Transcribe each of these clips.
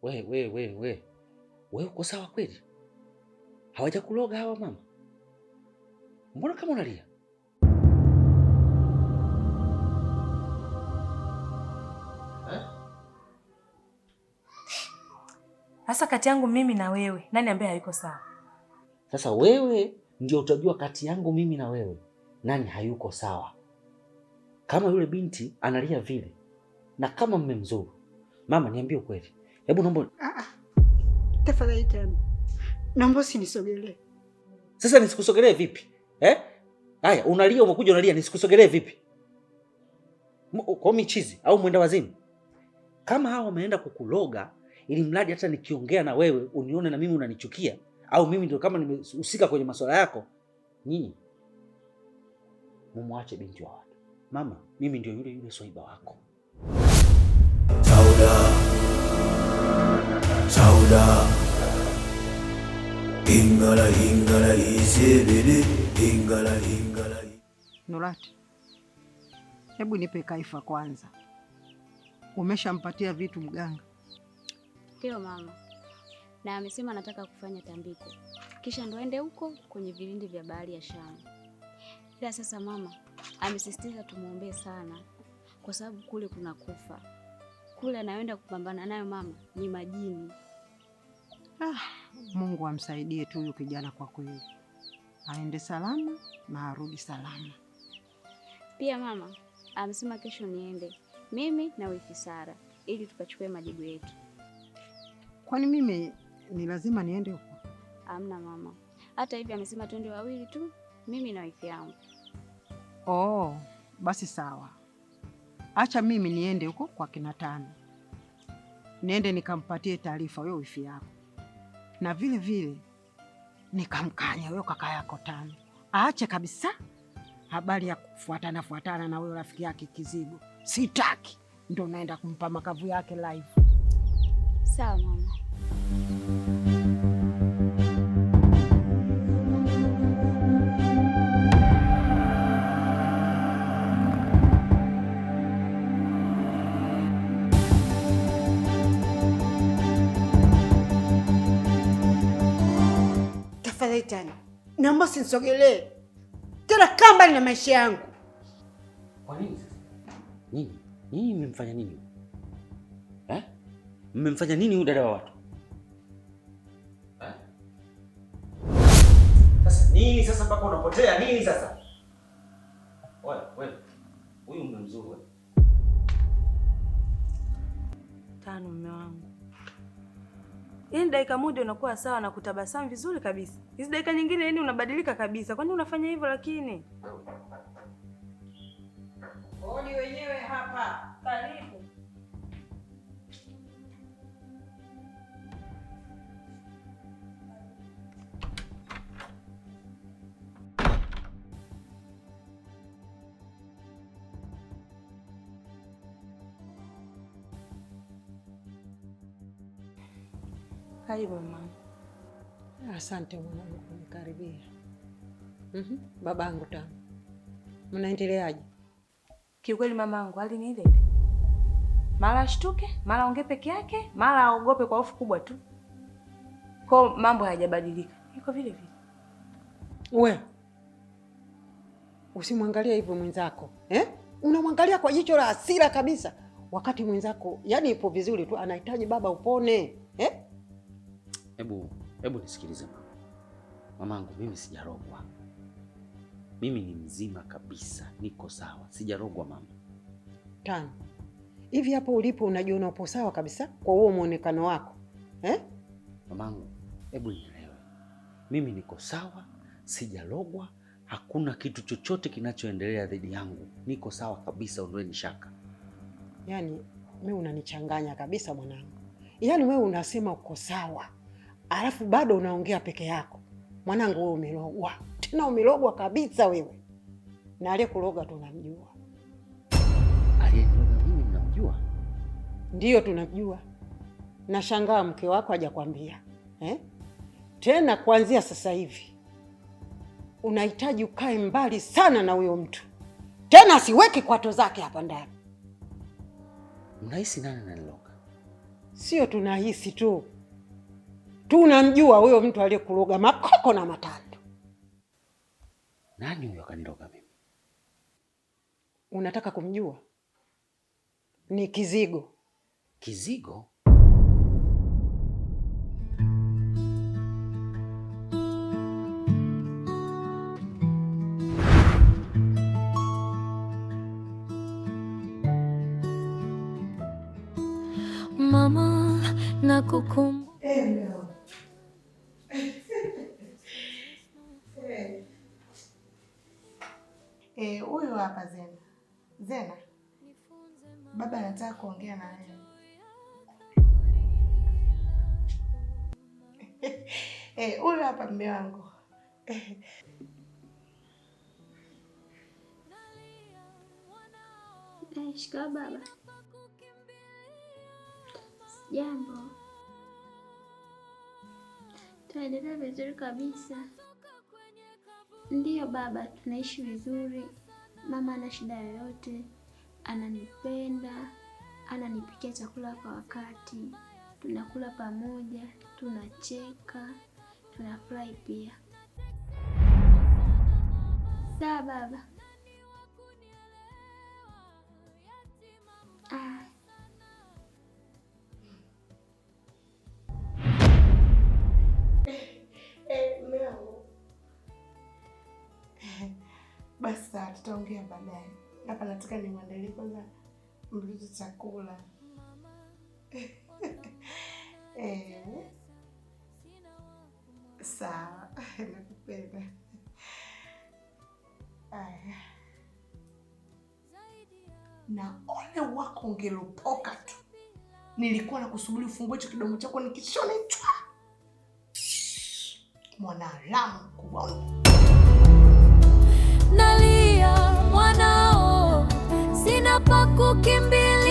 we we we we we, uko sawa kweli? Hawajakuloga hawa mama? Mbona kama unalia? Sasa kati yangu mimi na wewe nani ambaye hayuko sawa? Sasa wewe ndio utajua kati yangu mimi na wewe nani hayuko sawa. Kama yule binti analia vile na kama mmemzuru, mama, niambie ukweli, Hebu naomba ah, ah. tafadhali tena, naomba usinisogelee. Sasa nisikusogelee vipi eh? Haya, unalia umekuja unalia, nisikusogelee vipi? Kwa michizi au mwenda wazimu kama hawa wameenda kukuloga, ili mradi hata nikiongea na wewe unione na mimi unanichukia au mimi ndio kama nimehusika kwenye masuala yako. Nyinyi mumwache binti wa watu. Mama, mimi ndio yule yule swaiba wako Sauda da ingala ingala isebele ingala ingala Nurati, hebu nipe kaifa kwanza. Umeshampatia vitu mganga? Ndio mama, na amesema anataka kufanya tambiko kisha ndo aende huko kwenye vilindi vya bahari ya Shamu. Ila sasa mama amesisitiza tumwombee sana, kwa sababu kule kuna kufa, kule anayoenda kupambana nayo mama ni majini. Ah, Mungu amsaidie tu huyu kijana kwa kweli, aende salama na arudi salama pia. Mama amesema kesho niende mimi na wiki Sara ili tukachukue majibu yetu. Kwani mimi ni lazima niende huko? Amna mama, hata hivi amesema tuende wawili tu, mimi na wifi yangu. Oh, basi sawa, acha mimi niende huko kwa kina Tano, niende nikampatie taarifa huyo wifi yako na vile vile nikamkanya huyo kaka yako Tano aache kabisa habari ya kufuatana fuatana na huyo rafiki yake Kizigo. Sitaki, ndo naenda kumpa makavu yake live. Sawa mama. Shetani, naomba usinisogelee tena, kaa mbali na maisha yangu. Kwa nini sasa? Nini nini mmemfanya nini? Eh, mmemfanya nini huyu dada wa watu? Sasa nini sasa mpaka unapotea nini sasa? Wewe wewe, huyu mzuri wewe. Tano mume wangu Yaani dakika moja unakuwa sawa na kutabasamu vizuri kabisa, hizi dakika nyingine yani unabadilika kabisa. Kwani unafanya hivyo lakini? Oni wenyewe hapa. Karibu. Karibu mama. Ah, asante mwanangu kunikaribia. mm -hmm. Babangu tamu, mnaendeleaje? Kiukweli mamangu, hali ni ile ile, mara ashtuke, mara aongee peke yake, mara aogope kwa hofu kubwa tu, kwa mambo hayajabadilika, iko vile vile. We usimwangalia hivyo mwenzako eh? Unamwangalia kwa jicho la hasira kabisa, wakati mwenzako yani ipo vizuri tu, anahitaji baba upone eh? Hebu hebu nisikilize mama. Mamangu, mimi sijarogwa, mimi ni mzima kabisa, niko sawa, sijarogwa mama. Tano hivi hapo ulipo, unajiona upo sawa kabisa kwa huo mwonekano wako eh? Mamangu, hebu nielewe, mimi niko sawa, sijarogwa, hakuna kitu chochote kinachoendelea dhidi yangu, niko sawa kabisa, ondoeni shaka. Yaani wewe unanichanganya kabisa mwanangu, yaani wewe unasema uko sawa alafu bado unaongea peke yako. Mwanangu wewe umelogwa, tena umelogwa kabisa wewe, na aliyekuloga tunamjua. Aliyekuloga mimi Ndiyo, tunamjua. Nashangaa mke wako hajakwambia eh? Tena kuanzia sasa hivi unahitaji ukae mbali sana na huyo mtu, tena asiweke kwato zake hapa ndani. Unahisi nani ananiloga? Sio tunahisi tu tunamjua huyo mtu aliyekuroga makoko na matando. Nani huyo akaniroga mimi? Unataka kumjua? Ni Kizigo. Kizigo? Mama nakukum hapa mme wangu. Hey, baba. Jambo. Tunaendelea vizuri kabisa. Ndiyo baba, tunaishi vizuri. Mama ana shida yoyote, ananipenda, ananipikia chakula kwa wakati, tunakula pamoja, tunacheka tunafurahi pia. Sawa baba. Ah. tutaongea baadaye. Hapa nataka nimwandalie kwanza mtoto chakula. Eh. Sawa, nakupenda. Aya, na ole wako ungelopoka tu, nilikuwa nakusubiri ufungue hicho kidomo chako nikishone chwa, mwanadamu mkubwa. Nalia mwanao, sina pa kukimbilia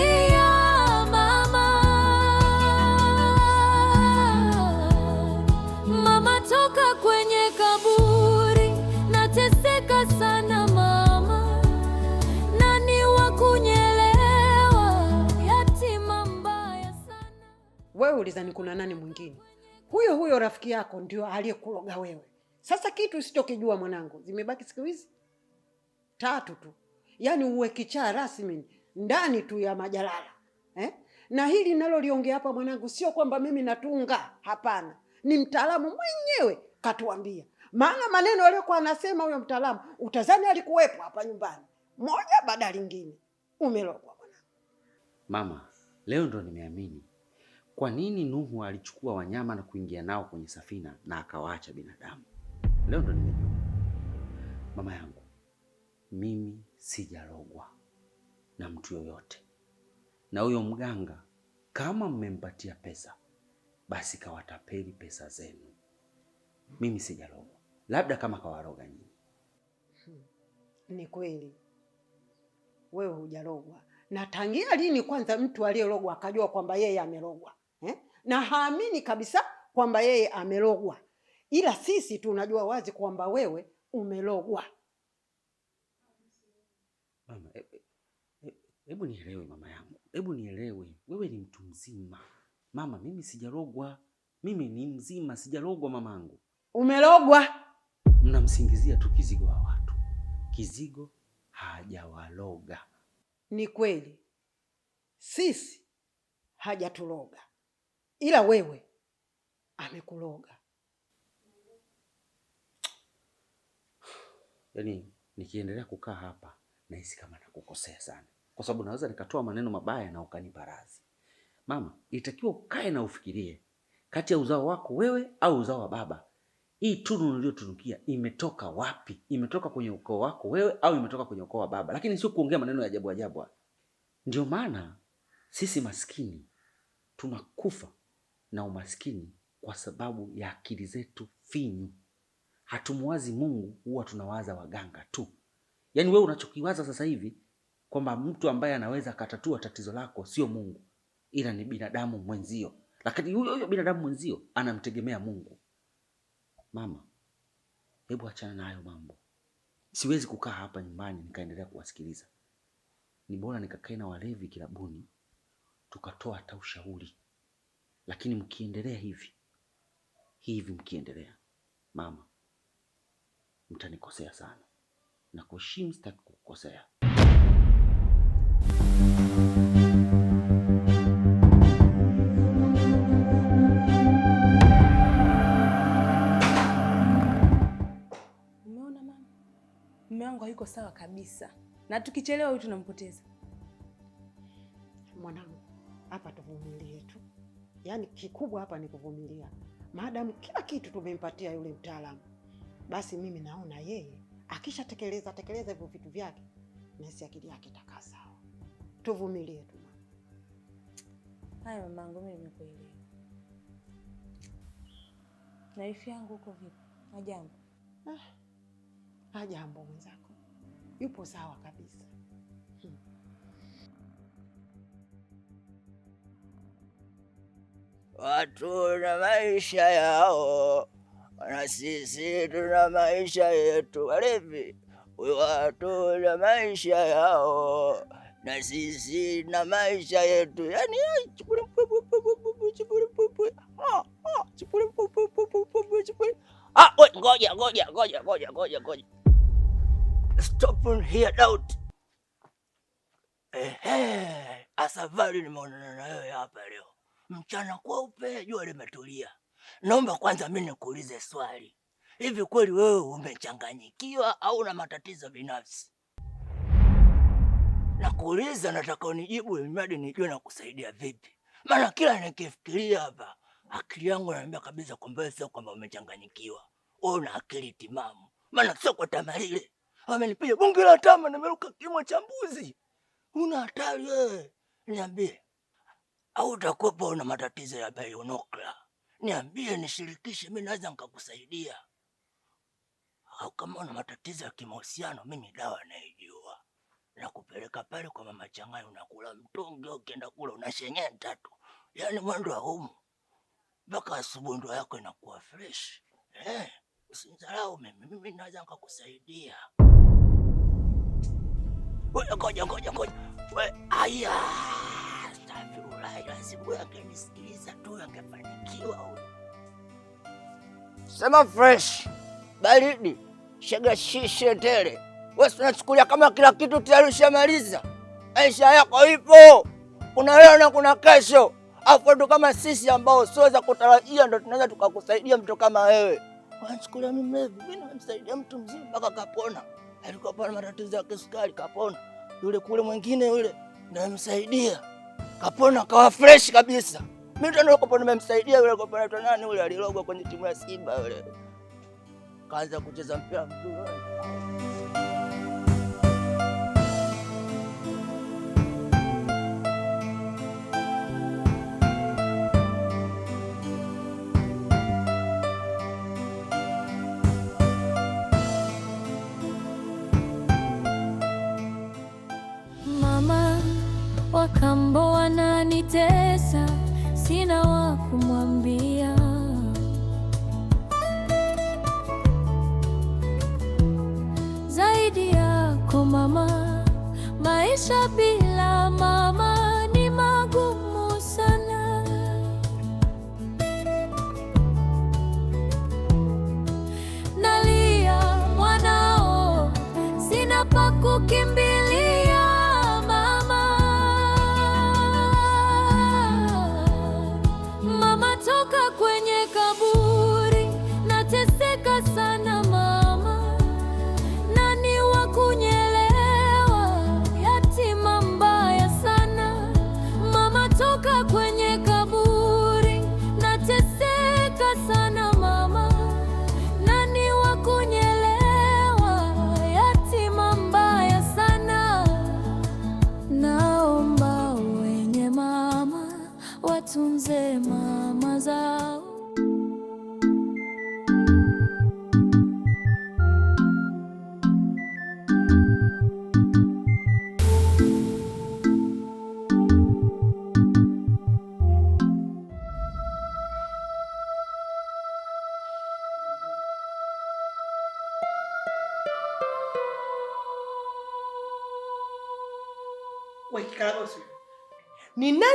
uliza ni kuna nani mwingine? Huyo huyo rafiki yako ndio aliyekuloga wewe. Sasa kitu usichokijua mwanangu, zimebaki siku hizi tatu tu, yaani uwe kichaa rasmi ndani tu ya majalala eh? Na hili naloliongea hapa mwanangu, sio kwamba mimi natunga, hapana, ni mtaalamu mwenyewe katuambia, maana maneno aliyokuwa anasema huyo mtaalamu utazani alikuwepo hapa nyumbani, moja baada lingine. Umelogwa mwanangu. Mama, leo ndo nimeamini kwa nini Nuhu alichukua wanyama na kuingia nao kwenye safina na akawaacha binadamu? Leo ndo nimejua. Mama yangu, mimi sijarogwa na mtu yoyote, na huyo mganga kama mmempatia pesa, basi kawatapeli pesa zenu. Mimi sijarogwa, labda kama kawaroga nyinyi. Hmm. ni kweli wewe hujarogwa. Na tangia lini kwanza mtu aliyerogwa akajua kwamba yeye amerogwa? na haamini kabisa kwamba yeye amelogwa, ila sisi tunajua wazi kwamba wewe umelogwa. Mama, hebu e, e, e nielewe mama yangu, hebu nielewe. Wewe ni mtu mzima mama, mimi sijarogwa. Mimi ni mzima, sijalogwa mamangu. Umelogwa. Mnamsingizia tu Kizigo wa watu. Kizigo hajawaloga. Ni kweli, sisi hajatuloga, ila wewe amekuloga. Yaani nikiendelea kukaa hapa nahisi kama nakukosea sana, kwa sababu naweza nikatoa maneno mabaya na ukanipa radhi. Mama, itakiwa ukae na ufikirie kati ya uzao wako wewe au uzao wa baba. Hii tunu uliyotunukia imetoka wapi? Imetoka kwenye ukoo wako wewe au imetoka kwenye ukoo wa baba? Lakini sio kuongea maneno ya ajabu ajabu. Ndio maana sisi maskini tunakufa na umaskini kwa sababu ya akili zetu finyu. hatumwazi Mungu, huwa tunawaza waganga tu. Yaani wewe unachokiwaza sasa hivi kwamba mtu ambaye anaweza akatatua tatizo lako sio Mungu, ila ni binadamu mwenzio, lakini huyo huyo binadamu mwenzio anamtegemea Mungu. Mama, hebu achana na hayo mambo. Siwezi kukaa hapa nyumbani nikaendelea kuwasikiliza. Ni bora nikakae na walevi kilabuni, tukatoa hata ushauri lakini mkiendelea hivi hivi, mkiendelea mama, mtanikosea sana na kuheshimu, sitaki kukukosea. Umeona mama, mume wangu hayuko sawa kabisa, na tukichelewa huyu tunampoteza mwanangu. Hapa tuvumilie yani kikubwa hapa ni kuvumilia, madamu kila kitu tumempatia yule mtaalamu. Basi mimi naona yeye akishatekeleza tekeleza hivyo vitu vyake, nasi akili yake itakaa sawa. Tuvumilie tu. Haya mamangu, mimi nimekuelewa. Na yangu huko vipi? ajambo Ah, ajambo mwenzako, yupo sawa kabisa. Watu na maisha yao, na sisi tuna maisha yetu. Walevi watu na maisha yao, na sisi na maisha yetu. Yani ngoja ngoja ngoja ngoja ngoja ngoja, stop here doubt. Ehe, Asafari nimeonana nayo hapa leo mchana kweupe, jua limetulia. Naomba kwanza mimi nikuulize swali, hivi kweli wewe umechanganyikiwa au una matatizo binafsi? Nakuuliza, nataka unijibu imradi nijue na kusaidia vipi, maana kila nikifikiria hapa akili yangu naambia kabisa kwamba sio kwamba umechanganyikiwa, wewe una akili timamu, maana sio kwa tamarile wamenipiga bunge la tama, nimeruka kimo cha mbuzi. Una hatari wewe, niambie au utakuwepo una matatizo ya bayonokla? niambie nishirikishe, mi naweza nikakusaidia. Au kama una matatizo ya kimahusiano, mimi dawa naijua, nakupeleka pale kwa mama Changai, unakula mtonge, ukienda kula unashenyea tatu, yaani mwendo wa humu mpaka asubuhi, ndoa yako inakuwa fresh eh. Usinidharau mimi, mimi naweza nikakusaidia. Ngoja ngoja ngoja, aya Astaghfirullah, lazima angenisikiliza tu angefanikiwa huyo. Sema fresh baridi shagashishe tele, wewe unachukulia kama kila kitu tayari ushamaliza. Maisha yako ipo, kuna leo na kuna kesho, afu ndo kama sisi ambao siweza kutarajia ndo tunaweza tukakusaidia mtu kama wewe. Wanachukulia mimi mlevi, mimi namsaidia mtu mzima mpaka kapona. Alikuwa na matatizo ya kisukari kapona, yule kule mwingine yule namsaidia kapona kawa fresh kabisa. Mimi ndo kapona nimemsaidia yule kopa na nani yule alilogwa kwenye timu ya Simba yule. Kaanza kucheza mpira mzuri.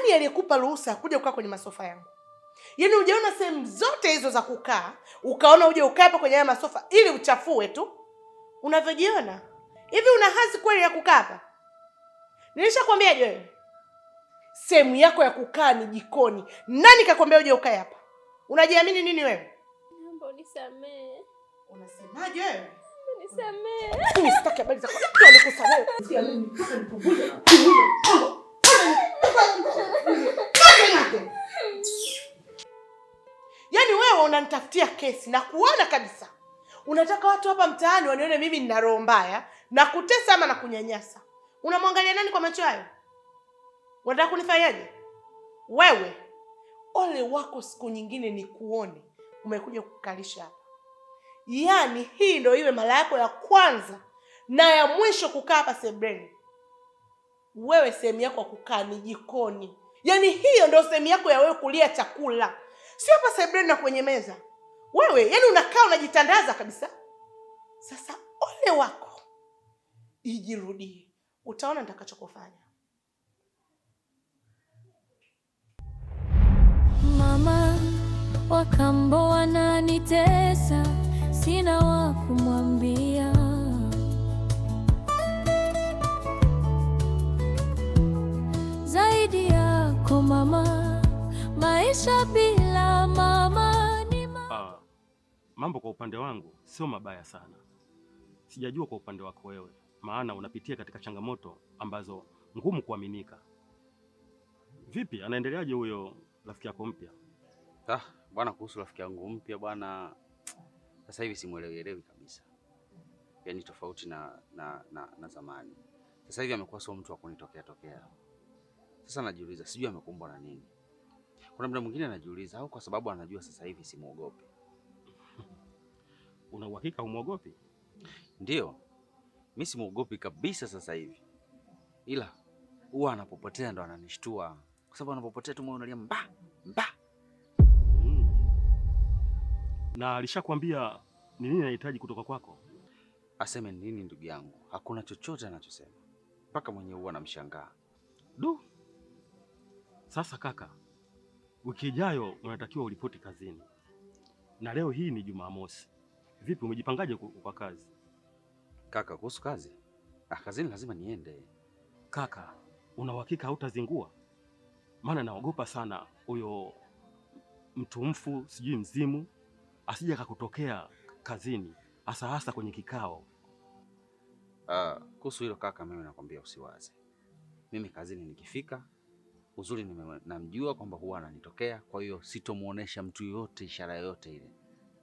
nani aliyekupa ruhusa ya kuja kukaa kwenye masofa yangu? Yaani hujaona sehemu zote hizo za kukaa, ukaona uje ukae hapa kwenye haya masofa ili uchafue tu unavyojiona. Hivi una hazi kweli ya kukaa hapa? Nilishakwambia je sehemu yako ya kukaa ni jikoni. Nani kakwambia uje ukae hapa? Unajiamini nini wewe? Unasemaje wewe? Yaani wewe unanitafutia kesi na kuona kabisa unataka watu hapa mtaani wanione mimi nina roho mbaya na kutesa ama na kunyanyasa. Unamwangalia nani kwa macho hayo? Unataka kunifanyaje wewe? Ole wako siku nyingine ni kuone umekuja kukalisha hapa. Yaani hii ndio iwe mara yako ya kwanza na ya mwisho kukaa hapa sebreni. Wewe sehemu yako ya kukaa ni jikoni yaani hiyo ndio sehemu yako ya wewe kulia chakula, sio hapa sebreni na kwenye meza. Wewe yaani unakaa unajitandaza kabisa. Sasa ole wako, ijirudie, utaona nitakachokufanya. Mama wakambo wananitesa, sina wa kumwambia maisha bila mama ni ma... Ah, mambo kwa upande wangu sio mabaya sana, sijajua kwa upande wako wewe, maana unapitia katika changamoto ambazo ngumu kuaminika. Vipi, anaendeleaje huyo rafiki yako mpya? Ah, bwana, kuhusu rafiki yangu mpya bwana, sasa hivi simwelewielewi kabisa, yaani tofauti na, na, na, na zamani. Sasa hivi amekuwa sio mtu wa kunitokea tokea. Sasa najiuliza sijui amekumbwa na nini. Kuna mda mwingine anajiuliza, au kwa sababu anajua sasa hivi simuogopi. Una uhakika umuogopi? Ndio, mi simuogopi kabisa sasa hivi, ila huwa anapopotea ndo ananishtua, kwa sababu anapopotea tu moyo unalia mba mba. Mm. Na alishakwambia ni nini anahitaji kutoka kwako? Aseme nini, ndugu yangu? Hakuna chochote anachosema, mpaka mwenye huwa anamshangaa. Du, sasa kaka Wiki ijayo unatakiwa uripoti kazini, na leo hii ni Jumamosi. Vipi, umejipangaje kwa kazi kaka? Kuhusu kazi? Ah, kazini lazima niende kaka. Una uhakika hautazingua? Maana naogopa sana huyo mtumfu, sijui mzimu, asije akakutokea kazini, hasa hasa kwenye kikao. Ah, kuhusu hilo kaka, mimi nakwambia usiwaze. Mimi kazini nikifika Uzuri namjua kwamba huwa ananitokea, kwa hiyo sitomuonesha mtu yoyote ishara yoyote ile,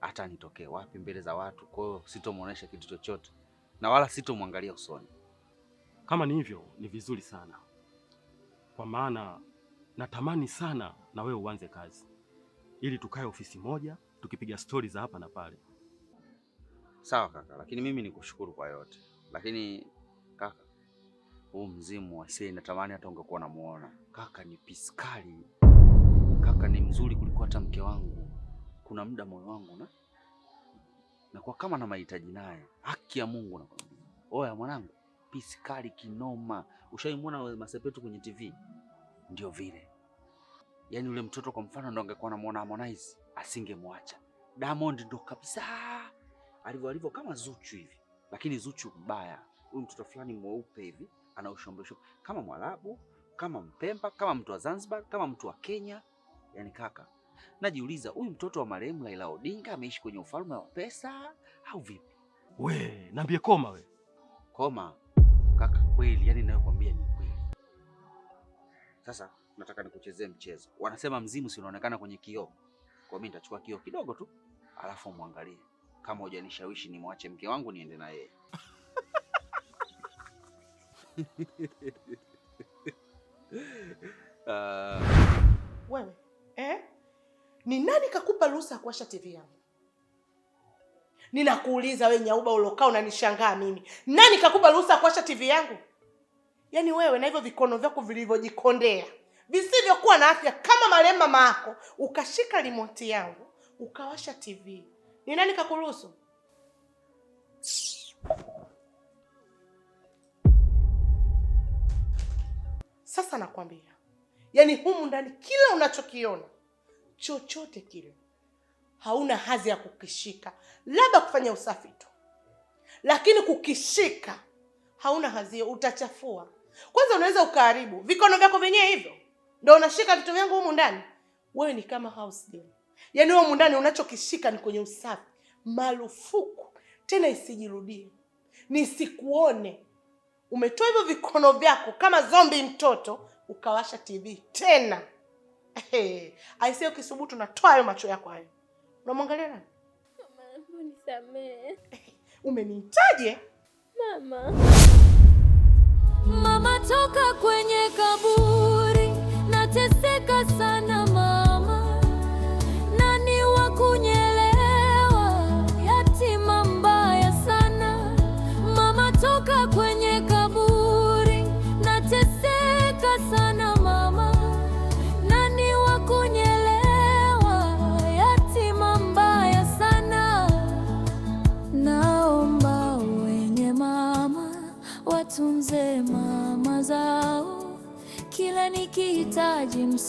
hata anitokee wapi mbele za watu. Kwa hiyo sitomuonesha kitu chochote na wala sitomwangalia usoni. Kama ni hivyo, ni vizuri sana, kwa maana natamani sana na wewe uanze kazi ili tukae ofisi moja tukipiga stori za hapa na pale. Sawa kaka, lakini mimi nikushukuru kwa yote, lakini kaka, huu mzimu wasee, natamani hata ungekuwa namuona Kaka ni piskali, kaka ni mzuri kuliko hata mke wangu. Kuna muda moyo wangu na nakuwa kama na mahitaji naye, haki ya Mungu nakwambia. Oya mwanangu, piskali kinoma. Ushaimwona Masepetu kwenye TV? Ndio vile yaani, ule mtoto kwa mfano ndo angekuwa anamuona Harmonize asingemwacha. Diamond ndo kabisa alivyo alivyo, kama Zuchu hivi, lakini Zuchu mbaya. Huyu mtoto fulani mweupe hivi anaushombesho kama Mwarabu kama Mpemba, kama mtu wa Zanzibar, kama mtu wa Kenya. Yani kaka, najiuliza huyu mtoto wa marehemu Raila Odinga ameishi kwenye ufalme wa pesa au vipi? We niambie, koma we koma kaka, kweli yani ninayokwambia ni kweli. Sasa nataka nikuchezee mchezo. Wanasema mzimu si unaonekana kwenye kioo, kwa mimi nitachukua kioo kidogo tu, alafu muangalie kama hujanishawishi nimwache mke wangu niende na yeye Uh... Wewe eh? Ni nani kakupa ruhusa ya kuwasha TV yangu? Ninakuuliza wewe nyauba ulokaa unanishangaa mimi. Nani kakupa ruhusa ya kuwasha TV yangu? Yaani wewe na hivyo vikono vyako vilivyojikondea visivyokuwa na afya kama marehemu mama yako, ukashika remote yangu ukawasha TV. Ni nani kakuruhusu? Sasa nakwambia, yaani humu ndani kila unachokiona chochote kile hauna hazi ya kukishika, labda kufanya usafi tu, lakini kukishika hauna hazi, utachafua. Kwanza unaweza ukaharibu vikono vyako vyenyewe, hivyo ndio unashika vitu vyangu humu ndani. Wewe ni kama house girl, yaani humu ndani unachokishika ni kwenye usafi. Marufuku tena, isijirudie, nisikuone umetoa hivyo vikono vyako kama zombi mtoto, ukawasha TV tena. Hey, aisee, ukisubutu natoa hayo macho yako hayo. Unamwangalia nani? Mama, nisamee. Umenitaje? Mama.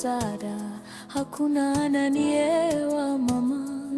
msaada, hakuna ananielewa.